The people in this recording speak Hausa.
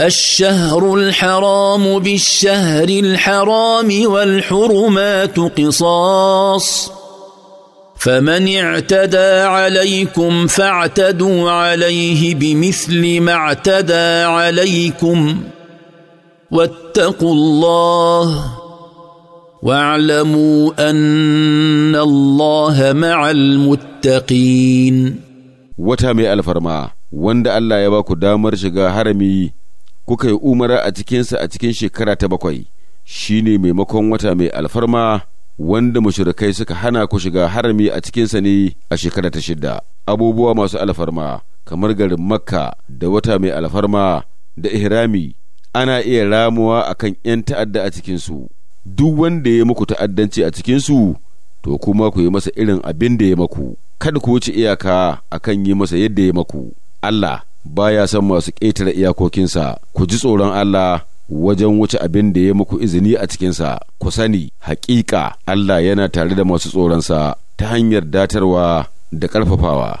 الشهر الحرام بالشهر الحرام والحرمات قصاص فمن اعتدى عليكم فاعتدوا عليه بمثل ما اعتدى عليكم واتقوا الله واعلموا ان الله مع المتقين وتامي الفرما وند الله يباكو دامر شغا هرمي kuka yi umara a cikinsa a cikin shekara ta bakwai shi ne maimakon wata mai alfarma wanda mashirikai suka hana ku shiga harami a cikinsa ne a shekara ta shida abubuwa masu alfarma kamar garin makka da wata mai alfarma da ihrami ana iya ramuwa a kan 'yan ta'adda a cikinsu duk wanda ya muku ta'addanci a cikinsu to kuma ku yi masa irin abin da ya maku kada ku wuce iyaka a kan yi masa yadda ya maku Allah baya son masu ƙetare iyakokinsa ku ji tsoron Allah wajen wuce abin da ya muku izini a cikinsa ku sani haƙiƙa Allah yana tare da masu tsoronsa ta hanyar datarwa da ƙarfafawa